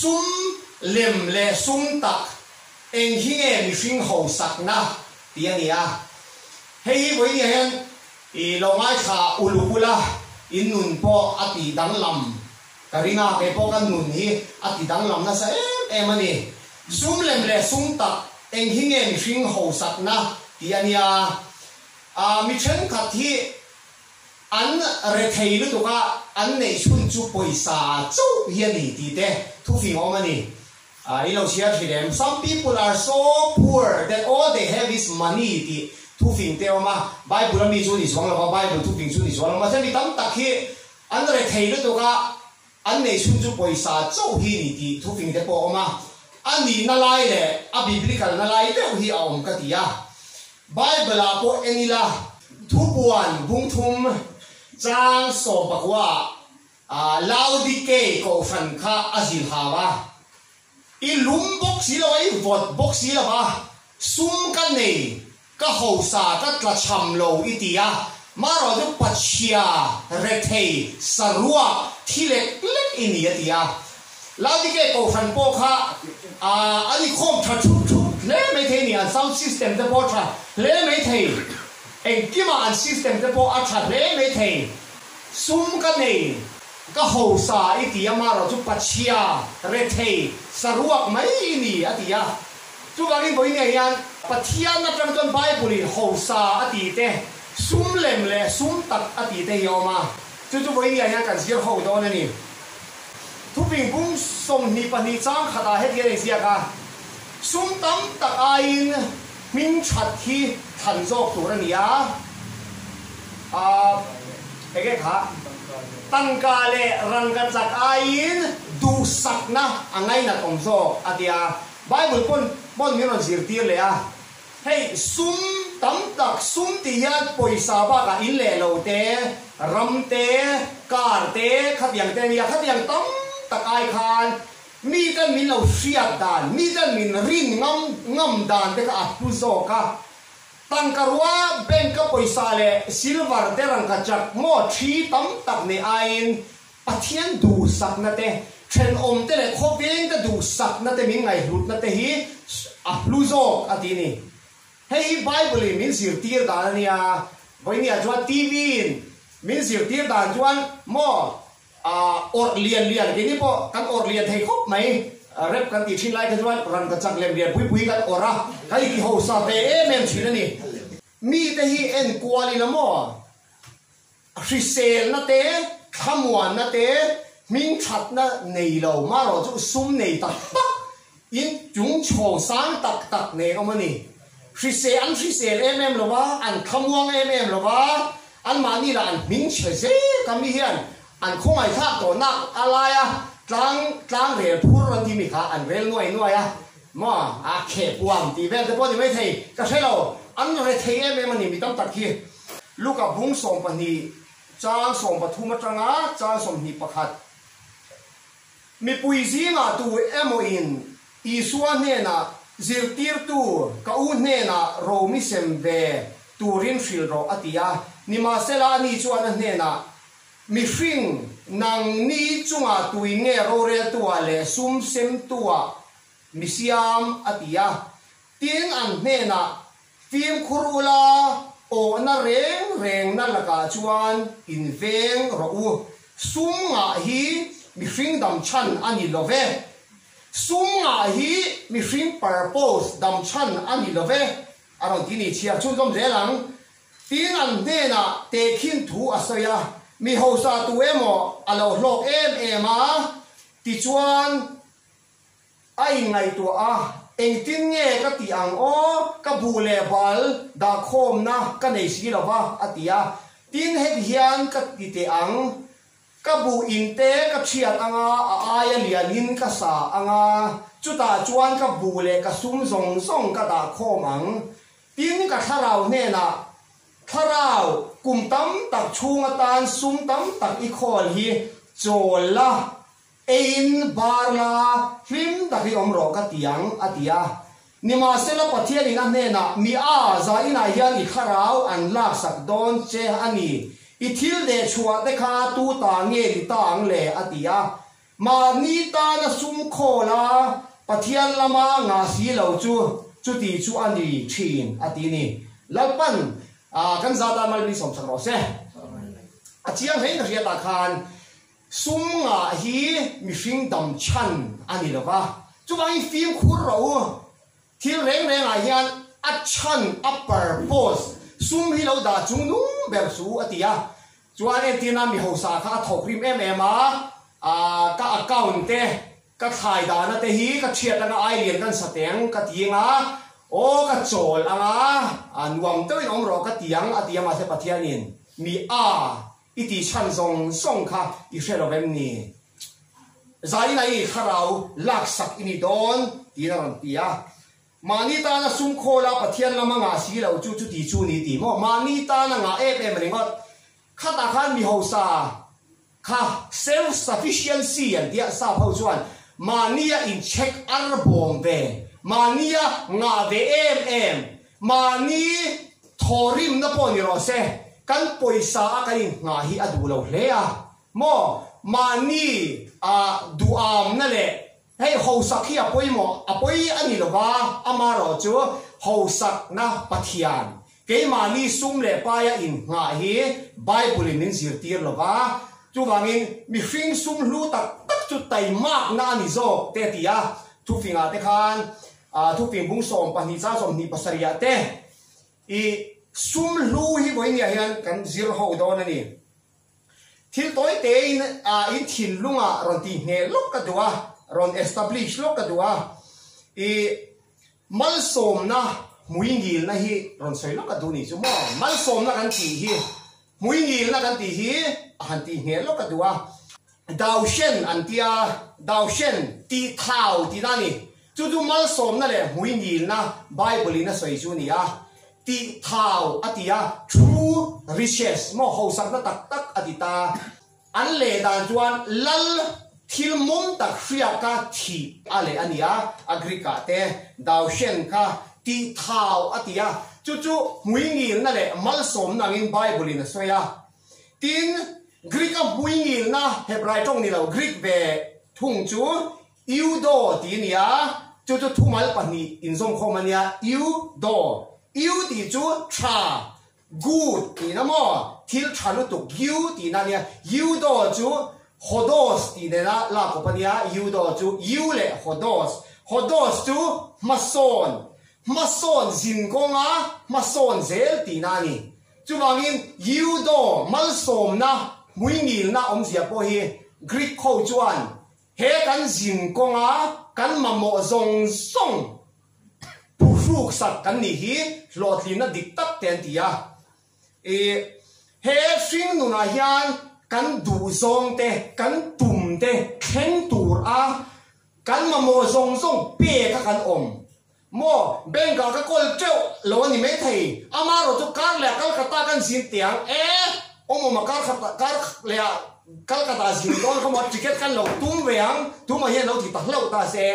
ซุ่มเล่มเล่ซุ่มตักเองที่เงมีชิงหูสักนะเตียนี่อะเฮ้ยวันนี้เห็นอีลงไอ้ขาอุลุกุละอินนุน่ออติดังลำกะริงาเปปอกันนุนฮีอติดังลำนะเสเอ็มเอ็มันนี่ซุ่มเล่มเล่ซุ่มตักเองที่เงมีชิงหูสักนะเตียนี่อะอ่ามิเช่นขันที่อันเรเทยลุตุกะ anh này xuân chú bồi sa châu hiền này đi thế thu phí ông anh à ý lâu xia thì đấy some people are so poor that all they have is money đi thu phí thế ông mà bible làm gì chú đi xuống là bible thu phí chú đi xuống là mà thế thì tấm tắc khi anh này thấy được đâu cả anh này xuân chú bồi sa châu hiền này đi thu phí thế ông mà anh đi na lai lệ à biblical na lai thế thì ông à cái gì à bible là po là thu buồn bung thùng จางสอบกว่าลาวดิเกก็ฟันข้าอาจิลฮาวะอีลุมบกสีละไว้วอดบกสีละวะซุ่มกันนก็หูสาก็กระชำโลอิตียมาเราดูปัจฉชียเรเทสรัวที่เล็กเล็กอินิยติยะลาวดิเกก็ฟันโปค่ะอันนี้คมทัดทุกทุบเล่ไม่เทนี่อนซัมซิสเต็มจะพอทราเล่ไม่เทย ai ki ma an system te po ăn that le mấy thei sum cái này, cái ho sa mà i ti ama ro chu pachia re thei saruak mai ni atia chu ga anh boi ne yan pachia na tang ton bible ho sa ati thế, sum lem le sum tak ati te yoma chu chu boi ne yan kan sir ho do na ni thu bình bung song ni pa khát chang hết het ge gì cả, sum tam tak ain มินชัดที่ทันโจกตัวนี้อ่ะอ่าเอ๊ะค่ะตั้งกาเลรังกันจากไอ้ดูสักนะอังไงนะตรงโซอะเดียบบเบุญปนบนมีนจีรตีเลยอ่ะเฮ้ยสุ่มตั้มตักสุ่มตียัดปอยสาบากับอินเล่เราเต้รำเต้การเต้ขัดยังเต้นี่ขัดยังตั้มตักายคานมีกันมินเอาเสียดานมีกันมินรินงำงำดานเด็กอัดผู้โจค่ะตังกรัวเบงกับปอยซาเลซิลเวอร์เดรังกัจจ์มอทีตั้มตักในไอินปะเทียนดูสักนั่นเองเทรนอมเตเลโคเวงจะดูสักนั่นเองมิงไงรุดนั่นเองฮีอัดผู้โจอันที่นี่เฮ้ยไบเบิลมินสิรตีร์ดานเนี่ยวันนี้อาจจะทีวีมินสิรตีร์ดานจวนมอ uh, or lian lian gini po kan or lian thei khop mai uh, ờ, rep kan ti thin lai ka chuan ran ka chang lem lian pui pui kan ora kai ki ho sa em em thin ani mi te hi en kwali na mo hrisel na te khamwan na te min chat na nei lo ma ro chu sum nei tak in chúng chong sang tak tak nei omani hrisel an hrisel em em lo wa an khamwang em em lo wa an mani la an min che se kami hian อันคงไอ้ทัาตัวนักอะไรอะจังจังเียนพูดวันที่มีขาอันเวลหน่วยน่วยอะมออาเขตวางตีเวนแต่พอดีไม่ใช่ก็ใช่เราอันอะไเทียมมันนี่มีต้องตัดขี้ลูกกับพุงส่งปนีจางส่งปทุมจังอาจางส่งหีประคัดมีปุยซีงาตัวเอโมอินอีสวนเนน่ะซิลตีร์ตัวกูเนน่ะโรมิเซมเบตูรินฟิลโรอติยานิมาเซลานีจวนเนน่ะ mi fing nang ni chunga tui nge ro re tua le sum sem tua mi siam atia tiếng an ne na phim khurula o na reng reng na laka chuan in veng ro u sum nga hi mi fing dam chan ani love sum nga hi mi fing purpose dam chan ani love aron kini chia chu dom zelang tiếng an ne na te khin thu asaya mi ho sa tu emo alo hlo em em a ti chuan ai ngai tu a eng tin nge ka ti ang o ka bu le bal da khom na ka nei si lo ba atia tin het hian ka ti te ang ka bu in te ka chiat anga a ai lian hin ka sa anga chuta chuan ka bu le ka sum zong zong ka da khom ang tin ka tharau ne na พระราวกุมตั้มตักชูงตานซุ้มตั้มตักอีคอลฮีโจลละเอินบาร์ลาฟิมตักฮีอมรอกตียงอติยานิมาเซลปะเทียั่นะเนนะมีอาจาอินายันอีขาราวอันลากสักดอนเจอันนี้อิทิลเดชัวเดคาตูตางเงลิตางเลอติยามานีตานสุมโคลาปะเทียนละมางาสีเหลาจูจุดีจูอันีชีนอตินีแล้วปั้น à căn gia ta mai đi sống sang rồi sẽ à chiang thấy cái ta khan sum ngà hi mi phim đầm chân anh đi đâu Chú chúng anh phim khu rầu thiếu rèn rèn là hiền a chân upper pose sum hi lâu đã chúng nung bèo sú à chú anh em tina mi hậu sa khá thọc rim em em à à các account te các thải đàn te hi các chuyện là ai liền căn sát tiếng các tiếng à โอ้กระโจลอ่ะอันวังเจ้าอินอมรอกเตียงอาตียงมาเสพเทียนินมีอาอิติชันทรงส่งค่ะอิเชลเวมนี่ใจในข่าเลักสักอินิดอนตีนรันตียะมานีตานะซุมโคลาปะเทียนละมังอาศีเราจูจูตีจูนีตีมอมานีตานะงาเอฟเอ็มเริงก็ข้าตาข้านมีหัวซาค่ะ self sufficiency อันเดียสาวเผาชวนมานีอินเช็คอาร์บอมเว mà nia ngà về em em mà ni thorim na poni ro se bồi poisa ka in ngà hi adu lo hle a mo mà ni à du am nè, le hei hầu sắc khi apoi mo apoi à, anh lo ba amaro chu hầu sắc na pathian cái mà ni sum le pa ya in ngà hi bible in zir tir lo ba chu wangin mi fing sum lu tắt tak chu tai mak na ni zo te tia phim à te khan ทุกฟิมบุ้งส่งปนิจ้าส่งนี่ปัสริยะเตะอีสุ่มลู่ฮิบอยนี่ยยันกันจิรหกดอนนี่ทิลตัวเตอินอินทิลลุงอ่ะรอนตีเนลกกันตัวรอนเอสตับลิชลกกันตัวอีมัลส่งนะมุยงยิลนะฮีรอนใส่ลกกันตันี่จุ่มมัลส่งนะกันตีฮิมุยงยิลนะกันตีฮิอันตีเนลกกันตัวดาวเชนอันทเตียดาวเชนตีท้าวตีนั่นนี่ chú chú mal som na le hui na bible na soi chu ni a ti thao atia true riches mo ho sak na tak tak adita an le dan chuan lal thil mom tak hria ka thi ale ania agrika te dau shen ka ti thao atia chu chú hui ni na le mal som na in bible na soi a tin greek a hui na hebrai tong ni greek ve thung chu iudo ti ni chú chú thu in yêu do chú 的就差 good 你那么 till 差了读 you 的那里，you do 就 hodos 的那啦拉古巴尼亚，you do 就 you 嘞 hodos hodos chú mason mason mason zel chú 人工啊，mason in yêu do mason na na gì 那每年那我们是不会 Greek culture he kan zim konga kan mamo zong zong puruk sat kan ni hi lotli na dik tak ten tia e à. hết fing nu na hian kan du zong te kan tum te khen tur à. mà kan mamo zong zong pe ka kan om bên bengal các cô chú lo ni me thei amaro tu kar le kal khata kan zin tiang e omo makar khata kar le cái Calcutta zin don ko mot ticket kan lo tum veang tum ma hian lo ti tak lo ta chú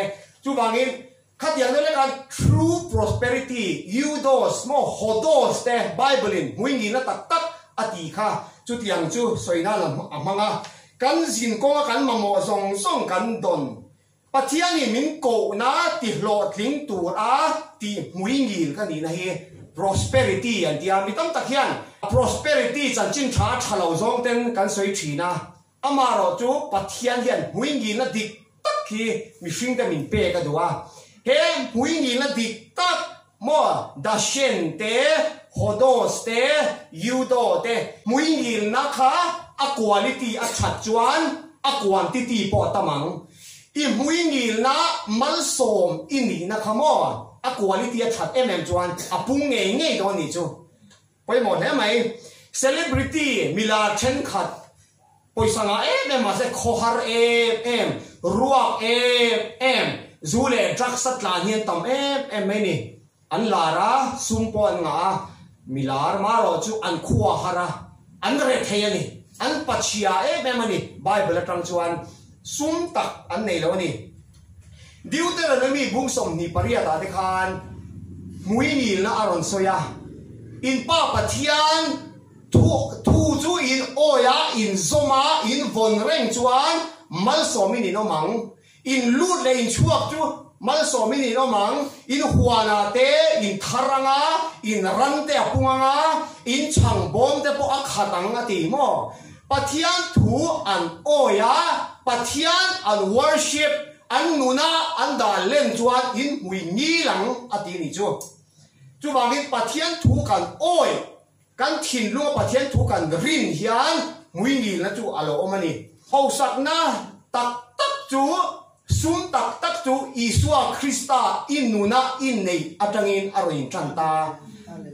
chu bangin khat yang le là true prosperity you dos mo hodos te bible in muingi na tak tak ati kha chú chú soi chu làm, chu soina lam amanga kan zin ko mà mamo song song kan don pathiang ni mình ko na ti lo tling tu a ti muingi kan ni na hi prosperity อันที่อามิตั้มตะเคียน prosperity จันจินชาชาลาวซงเต็นกันสวยทีนะอามาโรจูปัทเทียนเฮียนหุยงีนัดดิตักที่มีฟิงแต่มินเปกันดูว่าเฮ้หุยงีนัดดิตักมัวดัชเชนเตโฮโดสเต้ยูโดเต้หุยงีนะคะอัควาลิตี้อัชัดจวนอัควานติตีปอตมังอีหุยงีนะมันส่งอินีนะคะมัว a quality e a chat mm chuan a pung nge e nge do ni chu poi mon he mai celebrity mila chen khat poisa nga em em ase khohar em em ruak em em zule trak sat la hian tam e, em em mai ni an lara sumpo an nga milar maro chu an khuwa hara an re theyani an pachia em em ani bible atang chuan sum tak an nei lo ni ดิวเตอร์นมีบุ้งส่งนี่ปริยตาเิคานมุยนีนะอรอนโซยาอินป้าปะเทียนทูทูจูอินโอยาอินโซมาอินฟอนเร่งจวนมัลสมินีโนมังอินลูดเลินชัวจูมัลสมินีโนมังอินฮววนาเตอินทารังอาอินรันเตอปุงงาอินชังบอมเตปอคาตังติโมปะเทียนทูอันโอยาปะเทียนอันวอร์ชิป anh nụ na anh đã lên chuan in hui ni lăng a à ti ni chu chu ba gi pa thiên thu kan oi kan thin lu pa thiên thu kan rin hian hui ni na chu alo omani hau sak na tak tak chú sum tak tak chú isua krista in nụ na in nei atangin à à trăng ta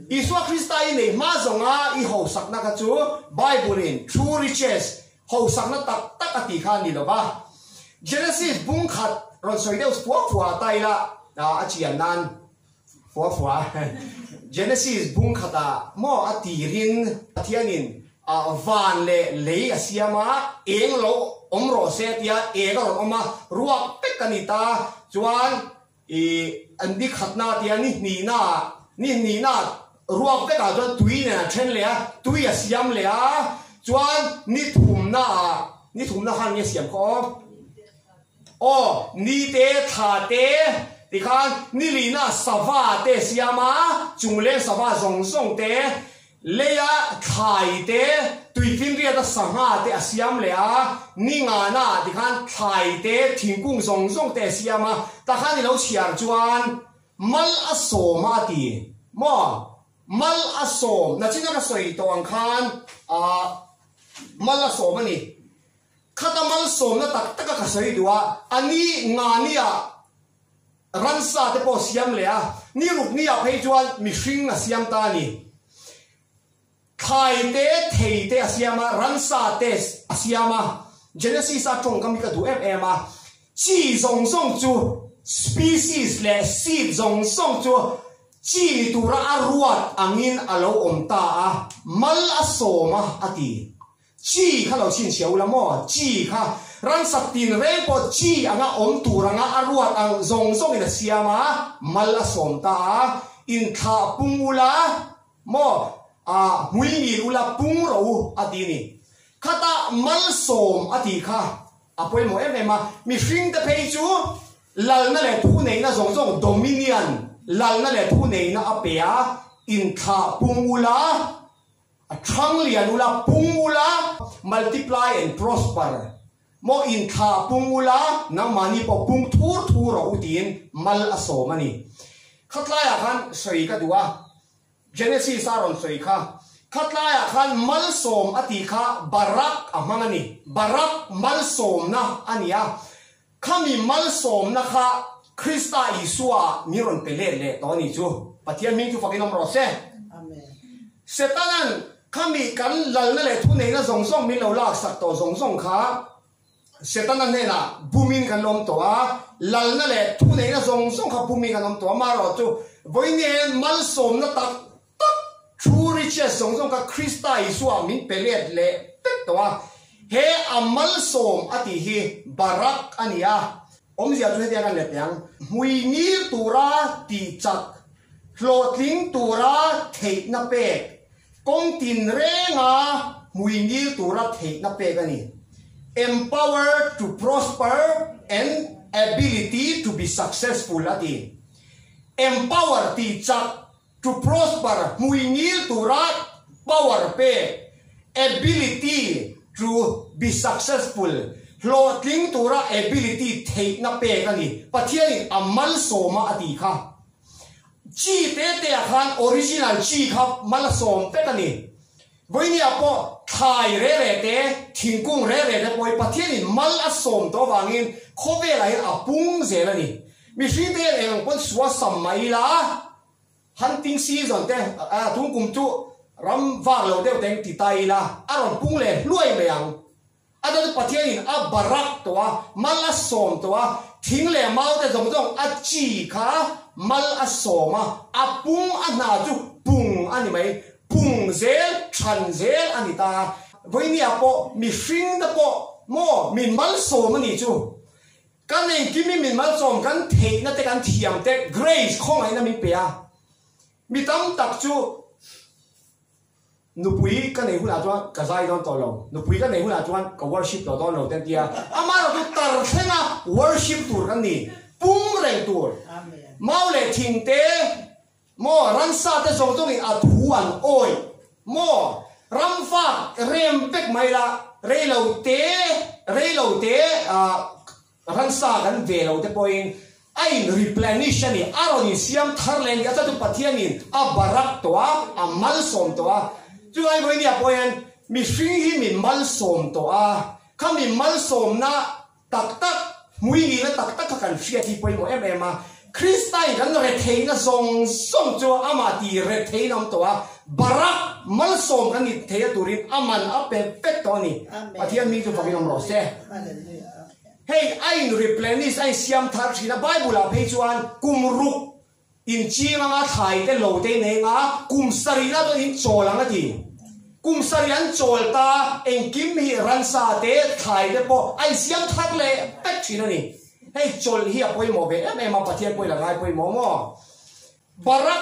isua krista in nei ma à i hau sak na ka chú bible in true riches hau sak na tak tak ati khan đi lo ba Genesis บุ้งขัดเราสวยเดียวฟัวฟัวไตละนะอาเจียนนั้นฟัวฟัว Genesis บุ้งขัดอะมออตีรินอทิยนินอ่าวานเล่เลยอาเซยมาเองเราอมรสเซตียเอกราอมารวบเป็กกันิตาจวนอีอันดีขัดนาเทียนี่นีนานี่นีนารวบเป็กอาจจะตุยเนี่ยเช่นเลยตุยอายมเลยจวนนี่ถุมนานี่ถุมนาหันเนี่ยเสียมขอโอ้นี่เตถาเตติคันนี่ลีน่าสวาเตสยามาจุงเล่นสวาสงสงเตเลียะขายเตตุยฟินเรียดสังหาเตอสยามเลียนี่งานาติคันขายเตถิงกุ้งสงสงเตสยามาแต่ข้างนี่เราเชียงจวนมัลอโศมาตีมอมัลอโมนั่นชื่อนักสวยตัวอังคารอ่ามัลอโสมันนี่ข้าตมันสมนะตักตะกะสริดวอันนี้งานนี่รันซาเตปอสยามเลยอะนี่ลูกนี่อะให้จวนมิชิงนะสยามตานี่ไทยเตเทเตสยามารันซาเตสสยามาเจเนซิสอะตรงกันมีกระดูเอฟเอ็มอะจีซงซงจูสปีซ i สเลยซีซงซงจูจีตุระารวดอังินอโลอมตาอะมัลอาโซมาอะทีจีข้าเราชินเชียวละมอจีข้ารังสักตินเร่ปอจีอ่างอมตูรังอารัวอังซงซงอินเสียมามาละสมตาอินทาปุงอุลามออ่ามุยมีอุลาปุงเราอัดีนี่ข้าตามาลสมอดีข้าอ่ะพอยโมอเอฟเอ็มมามีฟิงเตเพจูลลนั่นแหละผู้ไหนนะซงซงโดมิเนียนลลนั่นแหละผู้ไหนนะอเปียอินทาปุงอุลา Atranglian ula pungula multiply and prosper. Mo in tha pungula na mani po pung tur turo utin mal aso mani. Katlaya kan soy ka dua. Genesis aron soy ka. Katlaya kan malsom ati ka barak amangani. Barak mal som na aniya. Kami som na ka Krista Isua miron pelele to ni ju. Patiyan min ju fakinom rose. Amen. Setanan ข้ามีกันหลังนั่นแหละทุนเองนะสงส่งมีเราลากสักต่อสงส่งขาเสร็จตอนนั้นเนี่ยนะบูมินกันลมตัวหลังนั่นแหละทุนเองนะสงส่งขาบูมินกันลมตัวมาเราจู่วันนี้มันสมนะตักตักชูริเชสงส่งขาคริสต์ไอสวามินเปเลียดเละเต็ตัวเฮอามันสมอติเฮบารักอันนี้อ่ะผมเะียจุดเดียกันเลยเพียงมุยนีตัวราตีจักโหลดลิงตัวราเทนเปก kong tinrenga muingil turat hate na pegani. Empower to prosper and ability to be successful ati. Empower ti chak to prosper muingil turat power pe ability to be successful lotling tura ability take na pe kani pathian amal soma ati kha จีเตเตะขันออริจินัลจีครับมันละสมเป็ดนี่วันนี้อ่ะก็ถทายเร่เร่เตะทิ้งกุ้งเร่เร่เตะไปปะเทยนีมันละสมตัววางินโคเวลายอ่ะปุ้งเจนแล้วนี่มีชีเตะเองคนสวัสดิ์ไม่ละฮันติงซีสันเตะอ่ะทุ่งกุ้มจุรำว่างเราเดียวเต็งติดตายละอารมณ์ปุ้งเลยรวยไปยังอาจจะปะเทยนี้อับบรักตัวมันละสมตัวทิ้งเลยมาแต่สมมติว่าอาจีค่ะมลอสโอมาอปุงอันาจูปุงอันนี้ไหมปุงเซลชันเซลอันนี้ตาวันนี้อ่ะปมีฟิงตปมมีมลสโอมนี่จูกันเองกิมีมีมันสโอมกันเทนัตกันเทียมเต่เกรซข้องไหนนะมีเปียมีตั้มตักจูนุุยกันเองหัวจวนกระใจตอนตอกลงนุุยกันเองหัวจวนก็วอร์ชิปตอนตกลงเต็มที่อ่ะอามาเราตัดเส้นอ่ะวอร์ชิปตัวกันนี่ pung reng tur mau le thing te mò răng sa te zo tong in a thuan oi mo ram fa rem pek mai la rei lo te rei lo te a ram sa kan ve lo te poin ai replenish ani aron à, à, à, in siam thar len ga tu pathian in a barak to a a mal som to a chu ai voi ni a poin mi shing hi mi mal som to a kham mi mal som na tak tak มุ่ยีละตักตักกันเฟียที่ไปโมเอ็มเอ็มมาคริสต์ไตกันเรเทนรงส่งจัวอามาตีเรเทนนำตัวบารักมัลส่งกันนี่เทียตุรินอามันอับเป็นเป็ดตัวนี้ปะเทียนมีจุฟัง้อมรอเซ่เฮ้ยไอ้หนูรีเพลนิสไอ้เสียมทาร์ชินะไบบูลาเพจวันกุมรุกอินชีมังอาไทยเตโลเตเนงากุมสรีระตัวอินโจลังละทีกุมสรียนโจลตาเองกิมฮีรันซาเตถ่ายได้ปอไอเสียงทักเลยเปัจชิบนนี้ให้จลเฮียพ่วยโมเบะแม่มาปฏิเสธป่วยละไงพ่วยโมโม่บารัก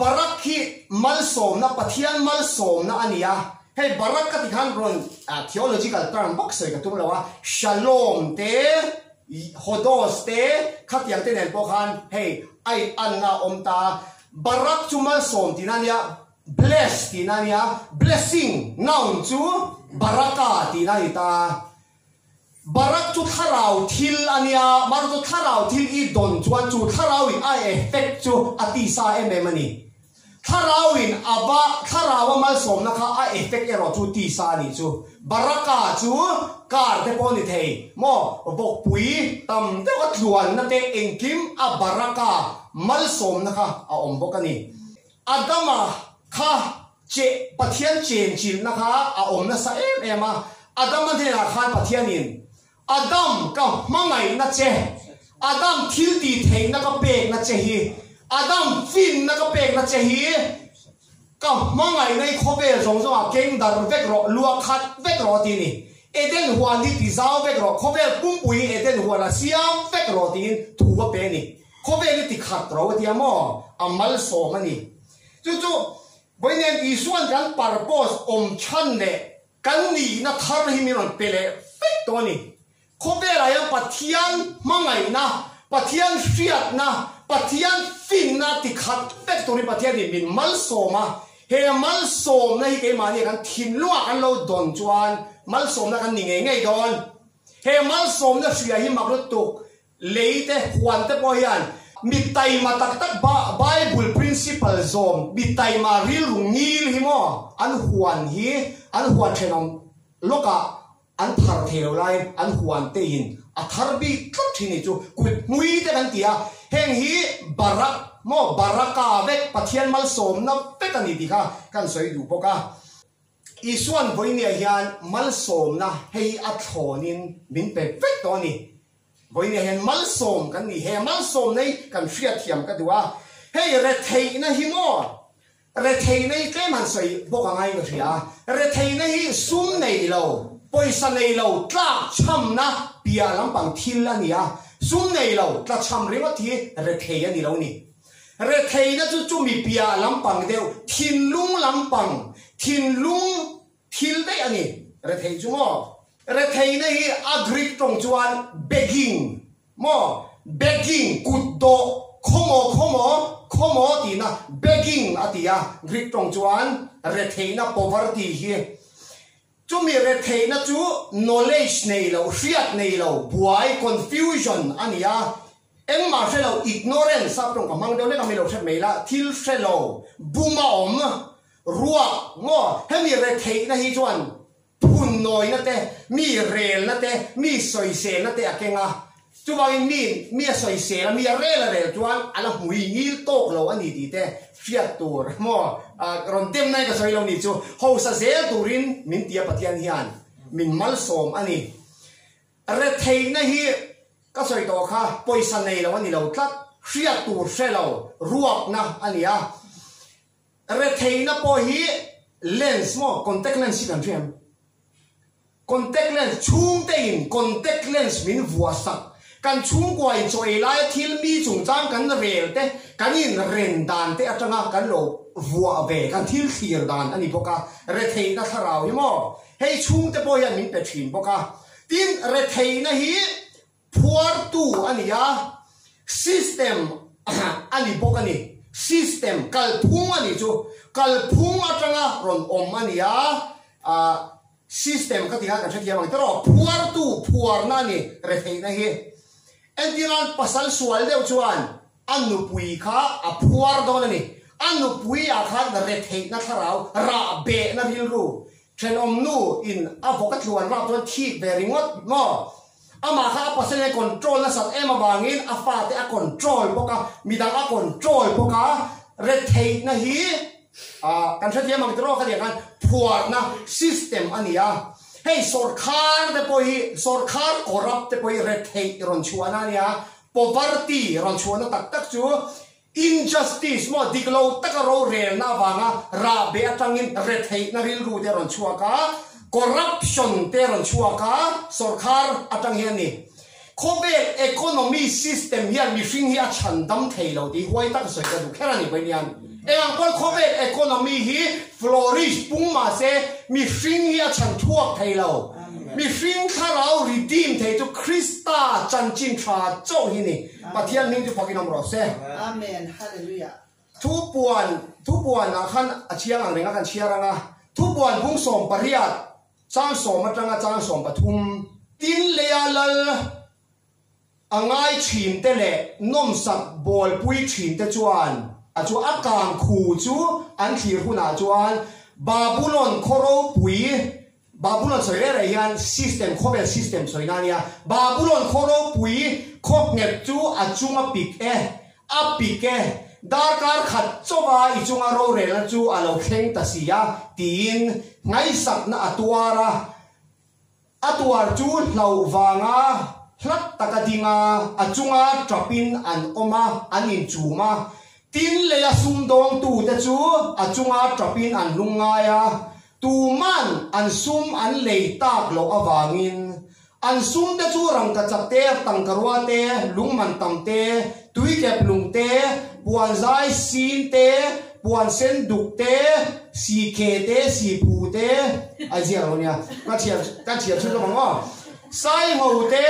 บารักฮีมัลโสมนะปฏทเสธมัลโสมนะอันนี้อะให้บารักกติกาบนอเทีโอโลจิกัลตทอรมบักซ์เลยกับทุเรืว่าชโลมเตะฮอดอสเตขัดยังเต้นปอกันให้ไออันนาอมตาบารักทุมัลโสมที่นั่นเนี่ย bless thì nay à blessing noun chu baraka ti na ita barak chu tharau thil ania mar chu tharau thil i don chuan chu tharau in a effect chu ati sa em em anh, ani tharau in aba tharau ma som na kha a effect ero chú ti sa ni chu baraka chu kar te pon ni thei mo bok pui tam te wat luan na te engkim a baraka mal som na kha a ombok ani adama ข้าเจปะเทียนเจนจินนะคะอาอมนะสเอ็มเอ็มอะอาดัมมันเดราคานปะเทียนินอาดัมก็มังไงนะเจอาดัมทิลตีเทงนะก็เปกนะเจฮีอาดัมฟินนะก็เปกนะเจฮีก็มังไงในโคเวสงสว่าเก่งดารเวกรอลัวคัดเวกรอตีนี่เอเดนหัวนีทตีเจ้าเวกรอโคเวปุ่มปุยเอเดนหัวละเสียมเวกรอตีนถูกเป็นนี่โคเวนี่ติขัดรอว่าเดีมออามัลโซมันนี่จู่ๆวันนี้อีส่วนกันปาร์บอสอมชันเนี่ยกันนี่นะทาร์ฮิมิรอนเปเลฟิฟตัวนี้คบเวลายังปัทยันมังไงนะปัทยันเสียดนะปัทยันฟินนะติขัดเฟตัวนี้ปัทยันนี่มินมัลโซมาเฮมัลโซมนะฮิเกมานี่กันทิ้นลวกกันเราดอนจวนมัลโซมนะกันนี่ไงไงดอนเฮมัลโซมนะเสียหิมักรตุกเลยแต่ควันแต่พอยันมิตายมาตักตักบาบเบุล p ริ n c i p l e ซอมมิตายมาริลุงิลฮิมออันหวนฮีอันหวนเชนอมลกะอันทาร์เทลไลอันหวนเตินอัทาร์บีทับที่นี่จูคุดมุยเตันเตียเฮงฮีบารักมอบารักกาเวกปะเทียนมัลสมนับเป็นตันดีค่ะกันสวยดูปกะอีส่วนรันนี้ยันมัลสมนะเฮอัทโทนินมินเปเฟตัวนี้วันนี้เห็นมัลส้มกันนี่เห็นมัลส้มนี่กันเสียทียมกันดูว่าเฮ้ยเรทเีนะฮิโมเรทเีนี่แค้มันสวยบอกง่ายก็ใช่อะเรทเีนี่สุ่มนี่เราไปสั่นนี่เราต้าช้ำนะเปียลำปังทิลละนี่อะสุ่มนี่เราต้าช้ำเรียกว่าที่เรทเีนี่เราเนี่ยเรทเีนั่นจ่จู่มีเปียลำปังเดียวทิลลุงลำปังทิลลุงทิลได้อันนี้เรทเฮีจู่มอ่ะ re thei na hi agrik tong chuan begging mo begging kutdo khomo khomo khomo ti na begging à grik tong chuan re thei na poverty hi chu mi re thei na chu knowledge nei lo riat này lâu, buai confusion anh ania em mà se lâu ignorance sao tong ka mang de le ka mi lo se mei la thil se lo buma om ruwa mo hemi re thei na hi chuan noi na te mi rel na te mi soi se na te akenga à à? chuwang mi mi soi se la mi rel rel chuan ala hui ngil tok lo ani ti te fiat tur mo a ron tem nai ka soi lo ni chu ho sa zel turin min tia patian hian min mal som ani re thei na hi ka soi to kha poisa nei lo ani lo tlat fiat tur shelo ruak na ani a re thei na po hi lens mo contact lens si kan thiam contactless ชุ่มเต็ม contactless มินหัวสังกันชุ่มกว่าอินโซเอลายทิลมีจุงจังกันเรลเตกันยินเรนดานเตอจังกันโลหัวเวกันทิลเสียดานอันนี้พวกะเรเทนัสราวีิมอให้ชุ่มะไปยันมินเตชินพวกะทินเรเทนัฮีพวร์ตูอันนี้ยาิสเต็มอันนี้พวกันนีสิสเต็มกัลพุงอันนี้จูกัลพุงอจังกันรอนอมอันนี้ยา system ka tiha kan thia mang taro puar tu puar na ni re thei na hi entiran pasal sual deu chuan anu pui kha a à, puar do na ni anu pui a à kha na re thei na tharau ra be na hil ru thren om nu in a vokat luan ra ton thi be ringot no ama kha pasal ne control na sat em bangin a fa te a control poka, mi midang a à control poka, re thei na hi กันเชสียมันตัวเขาเดียงนันผัวนะสิสเต็มอันนี้อะเฮ้ยสอดคาร์เดปอยสอดคาร์คอร์รัปต์เดปอยเรทเฮรอนชัวนั่นเนี่ย poverty รอนชัวนั่นตักตักชัวอินจัสติสมอดิกลาวตักเราเรียนน้าวางะราเบียตังอินเรทเฮนั่นริลรูเดรอนชัวกาคอร์รัปชันเดรอนชัวกาสอดคาร์อัตังเฮียนี่ covid economy system เฮียมีฟิงเฮียฉันดำเทลเอาดีไว้ตั้งสวยกันดูแค่นี้ไปเนี่ยเอ็งก็คบเอ็กโนมีฮีฟลอริสปุ่มมาเซมีฟิงเฮียฉันทั่วไทยเรามีฟิงข้าเราริดีมไทยทุกคริสต้าจันจินทราจ้าฮินี่ปฏิญาณนิ่งี่พักกินนมรสเซอเมนฮาเลลูยาทุบวนทุบวนอาขันเชียงหลางเองอาขันเชียงรังอะทุบวนพุ่งส่งปริยัดจ้างส่งมาจังอ่ะจ้างส่งปทุมตินเลียลล์อ่างไงฉีนเตเล่นมสับบอลปุยฉีนเตจวน à chú áp cảm khủ chú anh chỉ hôn à chú anh Babylon khổ bùi Babylon soi ra hian system khổ bè system soi nà nha Babylon khổ bụi khóc nghẹt chú à chú mà bịt e áp à, bịt e dar kar khat chowa ichunga ro rela chu à, alo kheng ta sia tin ngai sak na atuara à atuar chu hlau wanga hlat taka dinga achunga trapin an oma chú chuma tin le ya sum dong tu te chu a chunga tropin an lunga ya tu man an sum an lei tak lo awangin an sum te chu rang ka chak te tang karwa te lung man tam te tui kep lung te puan zai sin te puan sen duk te si ke te si pu te ai zia lo nia ka chia ka chia chu lo mang sai ho te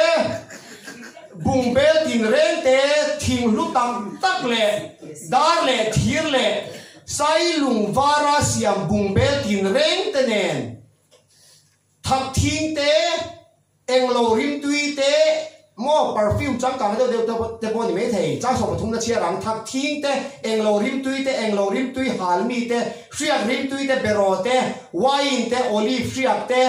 bùng bê tin ren te thing lu tam tak le dar lệ thir le sai lung vara siam bùng bê tin ren te nen thak thing te eng tuy rim tui te mo perfume chang kang đều de te bon ni thầy thei chang so thung na chia rang thak thing te eng tuy rim tui te eng tuy rim tui hal mi te shriak rim tui te bero te wine te olive shriak te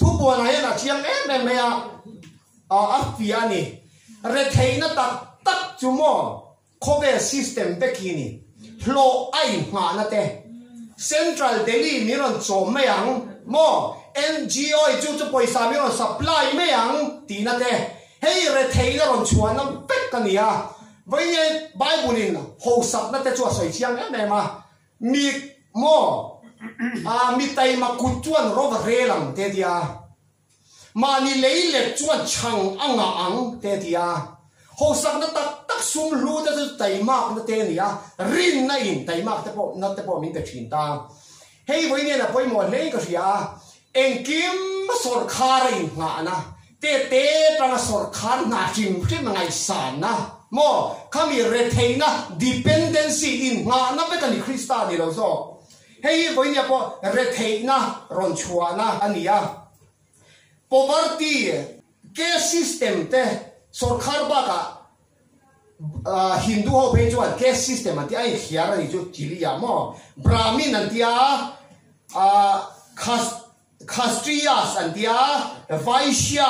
thu bùa này là chiang em em này à à phi anh ấy rồi thấy nó tắt tắt chú mò có vẻ system bé kia nè lo ai mà nó thế central delhi mi ron cho mấy ang mò NGO ấy chú chú bồi sao mi ron supply mấy ang tí nó thế hey rồi thấy nó ron chuan nó bé à. cái này à vậy nên bible in hồ sập nó thế chúa soi chiang em em à mi mò a mi tai ma kun chuan rova relang te dia ma ni lei le chuan chang anga ang te dia ho sak na tak tak sum lu ta tu tai ma na te ni a rin na in tai ma te po na te po min te chin ta hei voi ne na poi mo lei ka sia en kim sor khar in nga na te te ta na sor khar na chim chim ngai sa na mo kami re na dependency in nga na pe ka ni krista ni lo so hei voi ni po re te na ron chua na ani ya po parti ke system te sorkar ba ka hindu ho pe chua ke system ti ai hiara ni jo chili ya mo brahmin antia a khas Kastriya antia Vaishya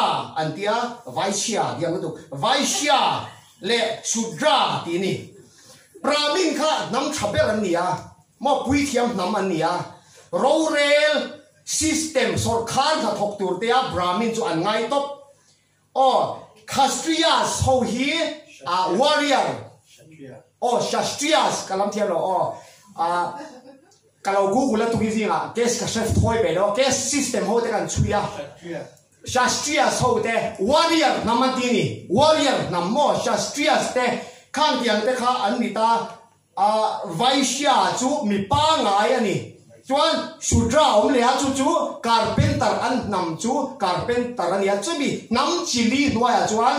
มอบุยเทียนำอันนี้อะรเรลสิสเต็มสอดคานสะทกตูเตียบรามินจูอันไยตบโอ้คาสติียาสโฮฮีอ่าวอรีอร์โอ้ชาสติียาสกำลังเทียนโอ้อ่าก็เรากูกูเล่าทุกที่ะเกสกับเชฟทอยเปแล้วเกสสิสเต็มโฮเดกันช่วยอ่ะชาสติียาสโฮเดวอรีอร์นำมันที่นี่วอรีอร์นำโมชาสติียาสเตคันเทียนเตค่ะอันนี้ตาวัยชาจูมีป้าง่ายนี่ชวนชุดราอมเลียจูจูคาร์เพนเตอร์อันนำจูคาร์เพนเตอร์เนี่ยจูมีน้ำจิลีด้วยะชวน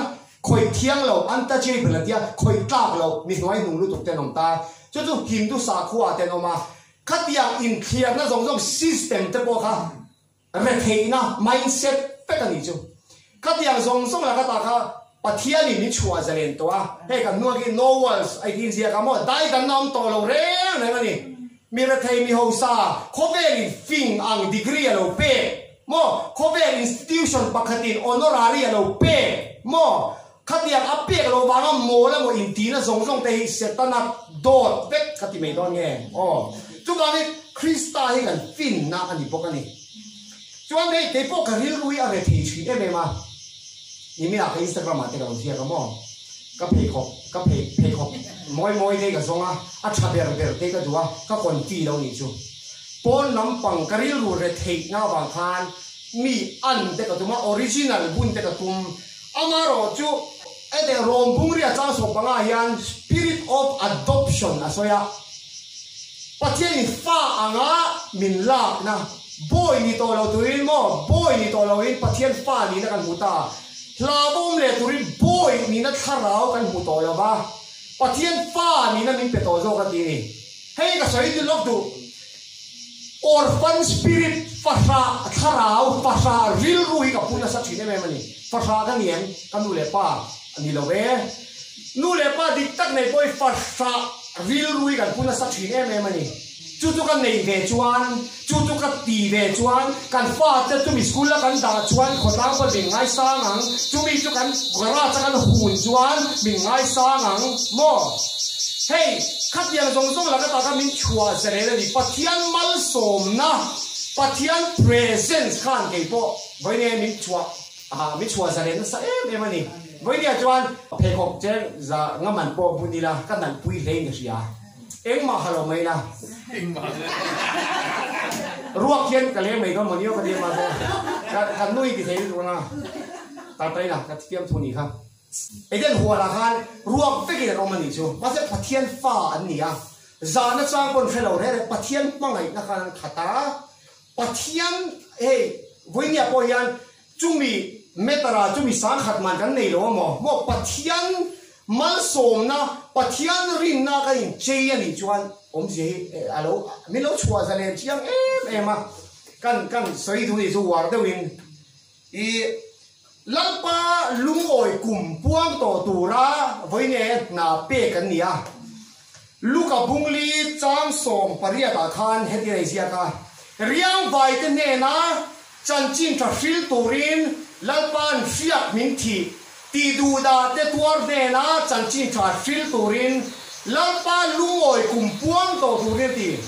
คอยเทียงเราอันตะเจี๊ยบเลยเดียคอยตากเรามีน้อยหนุ่มรู้ตกแต่นมตาจู่จู่หินดูสาขัวเต่นมาคัดยังอินเทียนะสองสองซิสเต็มจะบอกค่ะเรทีนะมายเซ็ตเป็นตันนีจู่คัดยังสองสองแล้วก็ตาค่ะ pathiali ni chua zalen towa he kam nuwa ki no walls ai tin zia kamo dai kan nam to lo re na ngani mi ra thai mi ho sa khovel in fing ang degree alo pe mo khovel institution pakhatin honorary alo pe mo khatiang apek lo banga mo la mo in tina zong zong te setana dot vek khati me don nge o chu ba ni krista hi kan fin na ani pokani chuan dei te pokari rui a re thi chi em ma 你们啊，可以 Instagram 这个东西啊，个么？个配合，个配配合，每每这个种啊，啊差别别这个做啊，个关注到你就。pon lam pang karil ru re thei na wang khan mi an te ka tuma original bun te ka tum amaro chu e de rom bung ria chang so panga hian spirit of adoption asoya pathian fa anga min lak na boy ni to lo tuin mo boy ni to lo in pathian fa ni na kan muta la bom le turin boy ni na tharao kan mu to ya ba pathian fa ni na min pe to zo ka ti ni hei ka sai di lok du orphan spirit fasha tharao fasha ril rui ka puna sa chine me mani fasha ka nien kan nu le pa ani lo ve nu le pa dik tak nei boy fasha ril rui kan puna sa chine me mani chú chú cần này về chuan chú chú cần tì về chuan cần pha cho chú mình school là cần đào chuan khó tao có mình ngay sang ngang chú mình chú cần gara cho cần hùn chuan mình ngay sang ngang mò hey khát tiền giống giống là cái tao cần mình chua giờ này là đi bắt tiền mal sôm na bắt tiền present khan cái bộ với này mình chua à mình chua giờ này nó sẽ em em này với này chuan thầy học chơi giờ ngắm mình bộ bún đi là cái này bùi lên cái gì à em mà hello mày là ruak k i a นเ a l i a n mereka menio k เ l i ียม a s a kan า u i k i ่ a itu mana t a p ต lah kat tiap tahun ni kan ไอ้เรบไอนหัวละคันรวกไปกี่รอมันนี่ชัวว่าจะพัฒน์ฟ้าอันนี้อ่ะจานจ้างคนเฟลเราเรื่อพัฒน์มังไงนะครับขัดตาพัฒน์เฮ้ยวินญาณพยันจุ่มีเมตราจุ่มีสังขัดมันกันในหลวงมอมอพัฒน์มันสมนะพัฒน์รินนะกันเจียนี่ชัว์ ôm gì, alo mi lo chua zane chiang em em a kan kan soi thu ni chu war de win i pa lung oi kum puang to tura voine na pe kan nia luka bungli chang som paria ka khan heti nei gì cả, riêng vai te ne na chan chin tha hril turin lalpan siak minh thi ti du da te tuar ne na chan chin tha hril turin lampa lungoi kumpuang to tu ne ti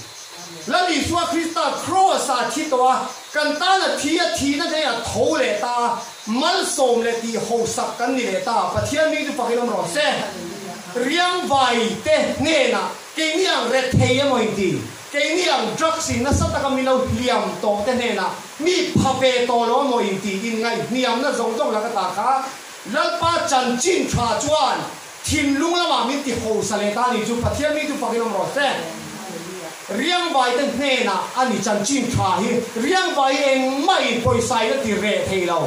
la li sua krista cross a thi to a kan ta la thi a thi na de a tho le ta mal som le ti ho sak kan ni le ta pathian ni tu pakilam ro se riang vai te ne na ke ni ang re thei a moi ti ke ni ang drugs in na sa ta kam lo liam to te ne na mi pha pe to lo moi ti in ngai niam na zong zong la ka ta kha lalpa chan chin tha chuan ทิมลุงละ่ามิติโฮสเลตานิจูพัทยามิจูปักิลมรสเซเรียงไว้ตั้งเนนะอันนี้จันจินชาฮีเรียงไว้เองไม่ปล่อยใส่ละติเรทเรา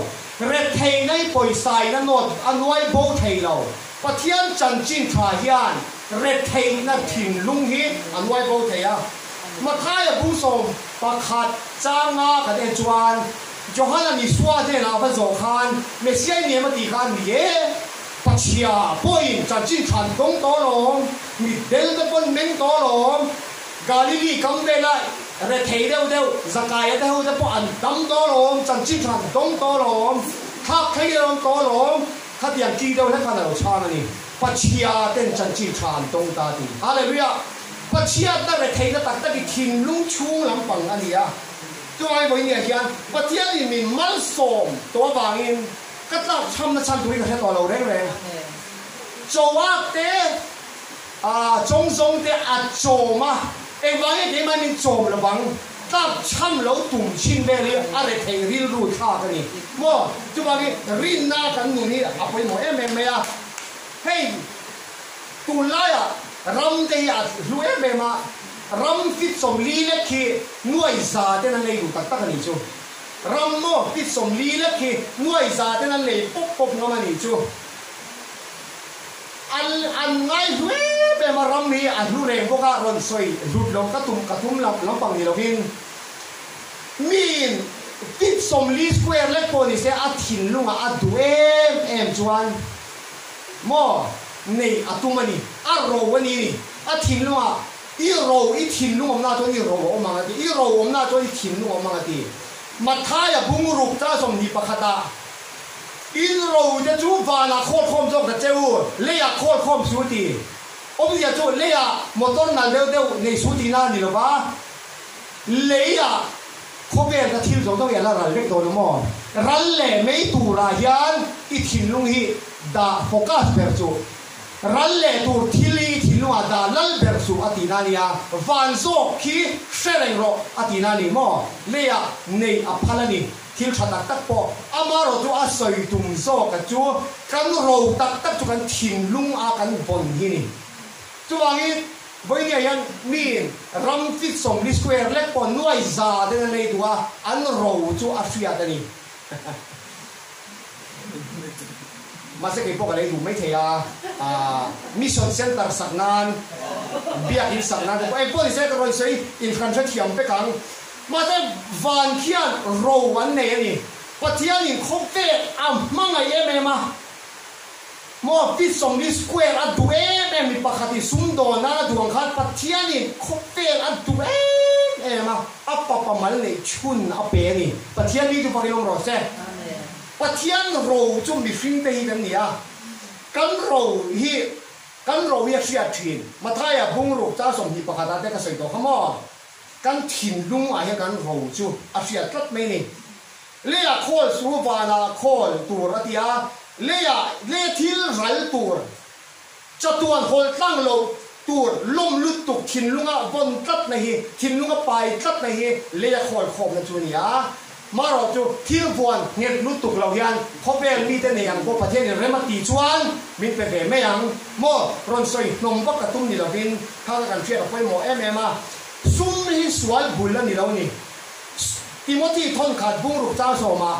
เรทเฮในปล่อยใส่ละนวดอันไว้โบทเราพัทยาจันจินชาฮีอันเรทเห้นถิินลุงฮีอันไว้โบทใหเรามาท้ายผู้ทรงประคัดจ้างงาขันเอจวนจงฮันนี้สวสดีนะพระโสคานเมเซียเนี่ยมาตีกันเย่ phát xia bôi chả chỉ thành công to lắm mì đel đã bôn nén to lắm đi cầm về lại rồi thấy đâu đâu ra cái đâu đã bỏ ăn đấm to lắm chả chỉ thành công to lắm khác thấy đâu to lắm khác tiền kia đâu hết phần nào cha này phát xia tên chả chỉ thành công ta thì Hallelujah phát xia ta rồi thấy đã tắt ta bị thiên lũ chung làm bằng anh đi à chúng ai với nhà kia phát xia thì mình mất sòm to bằng in ก็ต้องทำนะชันตุริกับเทตัวเราเร่งเร่งจวักเตอ่าจงจงเตอัดโจมาเอ็งวังยังไงมันมีโจมระวังตับช่ำเราตุ่มชินเบลีอะไรเทริลูท่ากันนี่มั่วจุบันนี้รินหน้ากันนี่นี่อ่ะไปหมดเอ็มเอ็มเมียเฮ้ยตุลายอ่ะรำเดียรู้เอ็มเอ็มอ่ะรำฟิตสมลีเล็กขี้น่วยซาเตนั่นเลยอยู่ตักตักนี่จูรำโมที่สมลีเล็กคี่งวยซาี่นันเลยปุ๊บปุ๊บงมันอีจูอันอันไยเว้ยเบมารำมีอันรู้เรงพวกก็รอนซอยรุดลงกระตุ้มกระตุ้มลำลำปังนี่เราพินมีนติ่สมลีสแควร์เล็กโปนี่เสียอัดหินลุงอัดดูเอ็มเอ็มจวนมอในอัตุมันนี่อัดโรวันนี้นี่อัดหินลุงอ่ะีโรอีหินลุงอมนาจัวอีโรอมมางตีอีโรอมนาจอีหินลุงอมมางตี mặt thái à bung rục sông som hi ta in ro de chu va la khol khom jong da cheu le ya khol khom su ti om chú chu à một tuần là le de nei su ti na ni lo ba le ya khop ye da thil jong dong ya la ral vek do mo ral le mấy tu ra hian i thin lung hi đã focus per chú รัลเลตูทิลีทิลวดาลัลเบรสูอตินานียวันโซคีเเรงโรอตินานโมอเลียเนอพัลนีทิลชตักตักปออามารตุอาศัยตุมโซกัจูกันโรตักตักจุกันทิมลุงอากันบนฮินีจุวังอินวันนี้ยังมีรัมฟิตสมลิสควร์เล็กปอนน้อยซาเดนเลยตัวอันโรจูอาฟิอาเดนีมาสักกี่พวกอะไรดูไม่เทียอ่ามิชชั่นเซ็นเตอร์สักนานเบียร์อินสักนานไอ้พวกนี้เซ็นเตอร์รอยใช้อินคันเซ็ตเทียมไปกังมาแต่วันเขียนโรวันเนี่ยนี่ปัจจัยนี่คบเฟะอ่ำมั่งไอเอ็มเอ็มอะมอฟิสมนิสควร์อัดดูเอ็มเอ็มมีปกี่สุนโดนาดวงขัดปัจจัยนี่คบเฟะอัดดูเอ็มเอ็มอ่ะอัปปะปะมันเลยชุนอัปเปนี่ปัจจัยนี่ดูไปลงรถเซ่ปัเทียนรูจุ่มดิฟินเตียนี่ยกันรูฮีกันรูเยียเสียทินมาทายาพุงรูจ้าสมฮีปะคาตาเ็กสัยตัวขมอกันทินลุงอาเฮกันรูจุ่มอาเสียตัดไม่เนี่ยเลี้ยคอลสูบานาคอลตัวระเดียเลยเลยทิลไรตัวจะตัวคอนตั้งรูตัวล้มลุดตกทินลุงอะบนตัดในฮีทินลุงอะไปตัดในฮีเลี้ยคอลขอบในจุนี้่ะมาเราจูเที่ฟวนเงียบลุตุกเรายันพบเองมีแต่เนียงพบประเทศเนี่ยเร่มาตีชวนมินเปเปไม่ยังโมรอนซอยนมวักกระตุ้มนี่เราพินข้าวกันเชียร์ไปหมอเอ็มเอ็มอ่ะซุ่มฮิสวนบุลละนี่เรานี่ติมที่ทนขาดบุรุษเจ้าสมา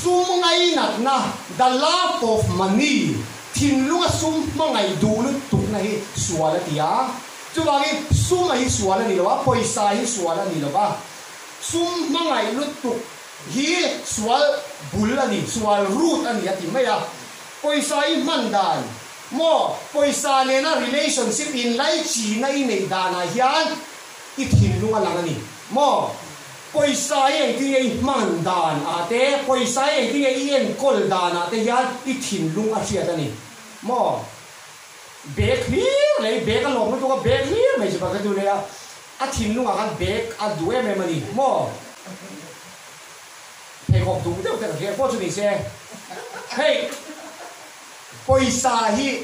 ซุ่มไงหนักนะดัลลาฟอฟมันนี่ทิ้งลูกซุ่มมังไงดูรุตุกนในสวนละตียาจู่ว่าซุ่มไอสวนละนี่เราว่าไปใส่สวนละนี่เราว่า sum mangai lut tu hi sual bul ani sual root ani ati maya poisa i mandan mo poisa le na relationship in lai chi na i nei dana hian i thin lunga lang ani mo poisa i ti ei mandan ate poisa i ti ei en kol dana te hian i thin lunga hriat ani mo bek hi lei bek a lo mo tu ka bek hi mai chi ba ka tu le a thim nung ang bag a duwe me mani mo thầy học tú đâu thầy kia có chuyện gì xe hey paisa hi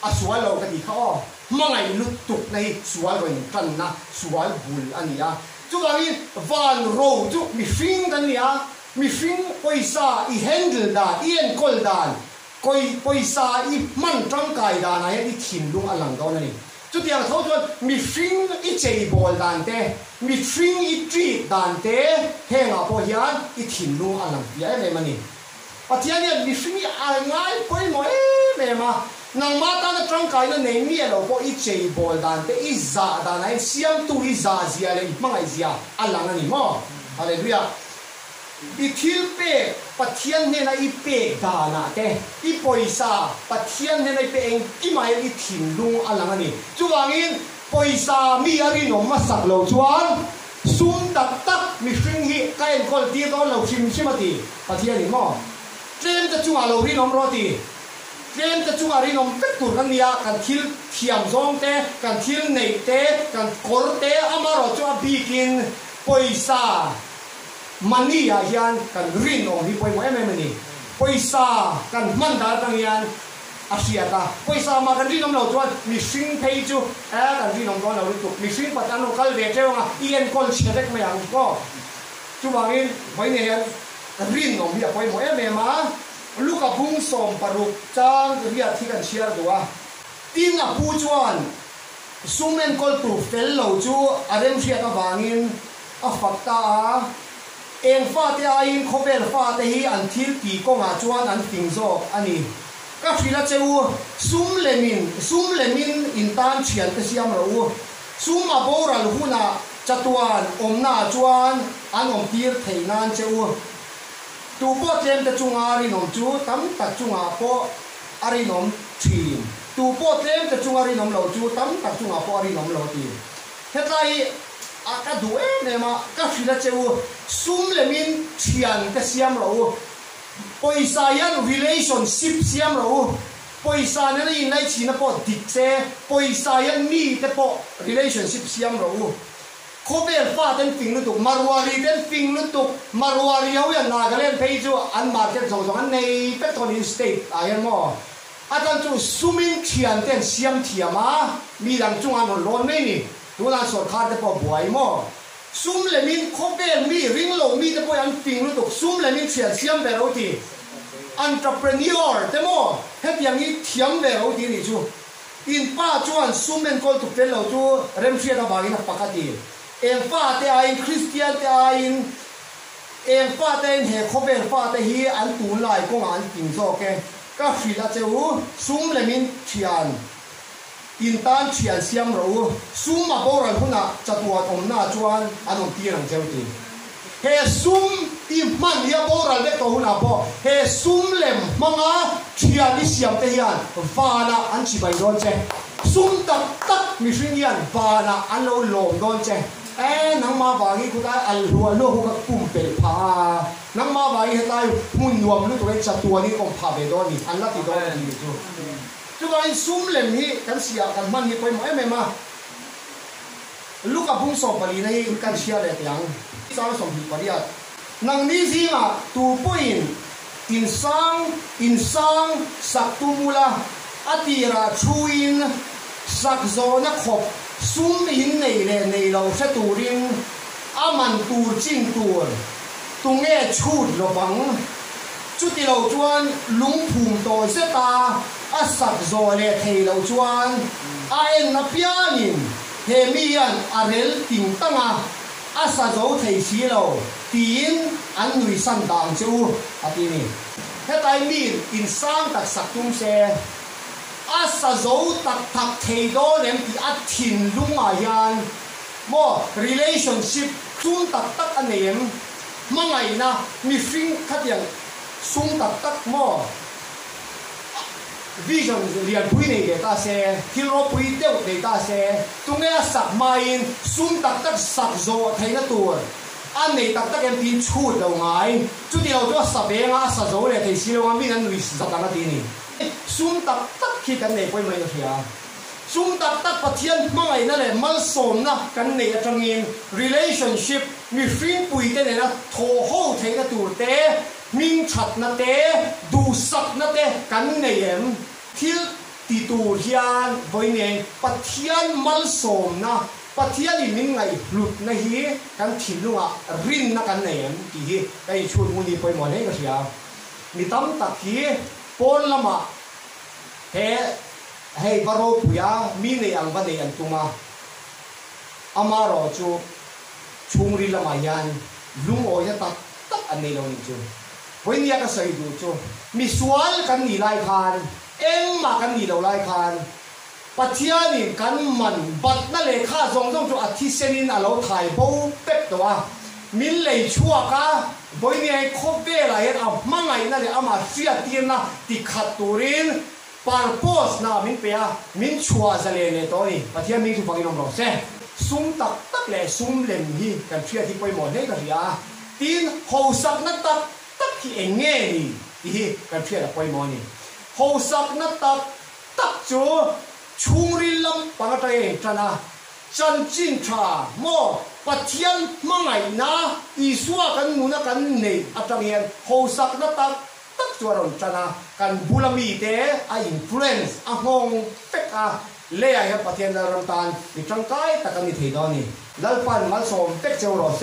a sual lo cái gì khó mangai lúc tục này sual rồi cần na sual bul anh ya chú cái gì van row chú mi phim cái gì à mi phim paisa i handle da yên call da coi paisa i man trong cái da này i thim nung alang đó này จุดเดียวเท่าจนมีฟิงอีเจบอลดันเตมีฟิงอีจีดันเตเฮงอ่ะพอยันอีถิ่นลุงอันนั้นยายแม่มันนี่ปัจจัยเนี่ยมีฟิงอ่างง่ายไปหมดแม่มานังมาตานะตรังกายนะเนมีเราพออีเจบอลดันเตอีซาดันไอเสียมตุอีซาเสียเลยมั่งไอเสียอันหลังนั่นนี่มั้งอะไรด้วย i thil pe pathian hne na i pe da na te i poisa pathian hne na i pe eng ki mai i thin lung alang ani chuangin poisa mi ari no masak lo chuan sun tak tak mi hring hi ka en kol ti don lo chim chim ati pathian ni mo tren ta chunga lo ri nom ro ti tren ta chunga ri nom pek tur kan nia kan thil thiam zong te kan thil nei te kan kor te amaro chu a bikin poisa mania à hiền cần rin ông đi quay mỗi em em này paisa cần mặn đã tăng hiền asia ta paisa mà cần rin ông lâu tuan mi sinh thấy chú à cần rin ông tuan lâu tục mi sinh bắt anh ông cal về treo mà yên con sẽ đấy mày ăn có chú bảo in mấy này hiền rin ông đi quay mỗi em em mà lúc bung som paruk chang cái việc thì cần share đó tin là pu chuan sumen kol tu fel lo chu arem shia ka wangin a fakta a eng fa te a in khovel fa te hi an thil pi ko nga chuan an ting zo ani ka phila cheu sum lemin sum lemin in tan thian te siam ro u sum a boral huna chatuan omna chuan an om tir theinan cheu tu po tlem te chunga rin om chu tam tak chunga po arin om thim tu po tlem te chunga rin om lo chu tam tak chunga po arin om lo ti hetlai à cái đuôi này mà cái phi là chịu sum là mình thiền cái siam rồi bây giờ yên relationship siam rồi bây giờ này in lại chỉ là bỏ địch xe bây giờ yên mi cái bỏ relationship siam rồi khô bê pha tên phình luôn tục maruari tên phim luôn tục maruari hậu yên là cái lên page cho ăn market rồi rồi anh này cái thôn in state à yên mò à đang chú sumin thiền tên siam thiam à mi đang chung anh hồn lon này nè tu la sot kha te po buai mo sum le min kho pe mi ring lo mi te po an ting lu tuk sum le min chen siam ve ro ti entrepreneur te mo he piang i thiam ve ro ti ni chu in pa chuan sum men kol tuk ten lo chu rem thia da ba in pakati em pa te ai christian te ai em pa te he kho pe pa te hi an tu lai ko an ting zo ke ka phila cheu sum le min thian in tan chian siam ro sum ma por al huna chatuat om na chuan anom tirang cheu ti he sum i man ya ran al to huna po he sum lem manga chian ni siam te hian vana an chi bai ron che sum tak tak mi hring hian vana an lo lom ron che e nang ma wangi ku ta al lo hu kum pel pha nang ma wangi he tai mun nuam lu tu e chatuani om pha ve do ni la ti do ni chúng ta à? in sum lem hi kan sia kan man hi coi mo em em a luka bung so bali này hi kan sia le yang sa som hi pali at nang ni zi ma tu point in sang in sang sak tu mula atira chuin sak zo na khop sum in nei le nei lo sa tu rin aman tu chin tu tu nghe chut lo bang chút đi đầu chuan lúng phùm tồi sẽ ta a sak zo le thei lo chuan a eng na pianin he mi hian a rel ting tanga a sa zo thei si lo tin an nui san dang chu a ti ni hetai mi in sang tak sak tum se a sa zo tak tak thei do nem ti a thin lunga hian mo relationship tun tak tak anem mangai na mi fing khat yang sung tak tak mo vision lian pui nei ve ta khi nó pui tiêu nei ta se nghe a mai xuân sum tak tak sak thấy nó tur anh này tak tak em tin chút do ngai chu ti lo to sa ve nga sa zo le thei si lo mi nan lui sa ta na ti ni sum tak tak khi kan nei poi mai no hia sum tak tak pathian mangai na le mal som na kan nei atangin relationship mi fin pui te na tho ho thaina tur te min chặt na tế đủ sắc na tế cắn này em thiếu ti tu hian với nền bắt thiên mal sồm na bắt thiên thì mình ngày lụt na hi cắn thịt luôn à rin na cắn này em kỳ hi cái chuột muốn đi bơi mòn hết rồi à mi tâm tạc hi pon lama he he baro puya mi này ăn văn này ăn tuma amaro chu chung ri lama hian lung oi ta tak an nei lo ni chu với nia cái sợi đủ cho mi sual cần nghỉ lại khan em mà cần nghỉ đầu lại khan patia ni kan man bat na le kha zong zong cho athi senin alo thai bo pek to wa min le chua ka boi ni ai kho ve la het a mangai na le ama sia tien na ti khaturin parpos na min pe a min chua za le ne to ni patia mi chu phagi nom lo se sum tak tak le sum lem hi kan thia thi poi mo ne ka ria tin ho sak na tak ตักที่เองเงี้ยนี่อีกันเพียละไปมอนี่โฮสักนัตตักตักจูชุงริลำปังตะเองจันนะจันจินทราโมปัทยันมังไงนะอีสัวกันนูนะกันนี่อาจารย์โฮสักนัตตักตักจวนจันนะกันบุลมีเตอาอินฟลูเอนซ์อ่ะงงเฟกอ่ะเลี้ยงปัทยันรำตานอีจังไกตะกันนี่ถี่ดอนี่แล้วปันมันสมเฟกเจ้ารอเซ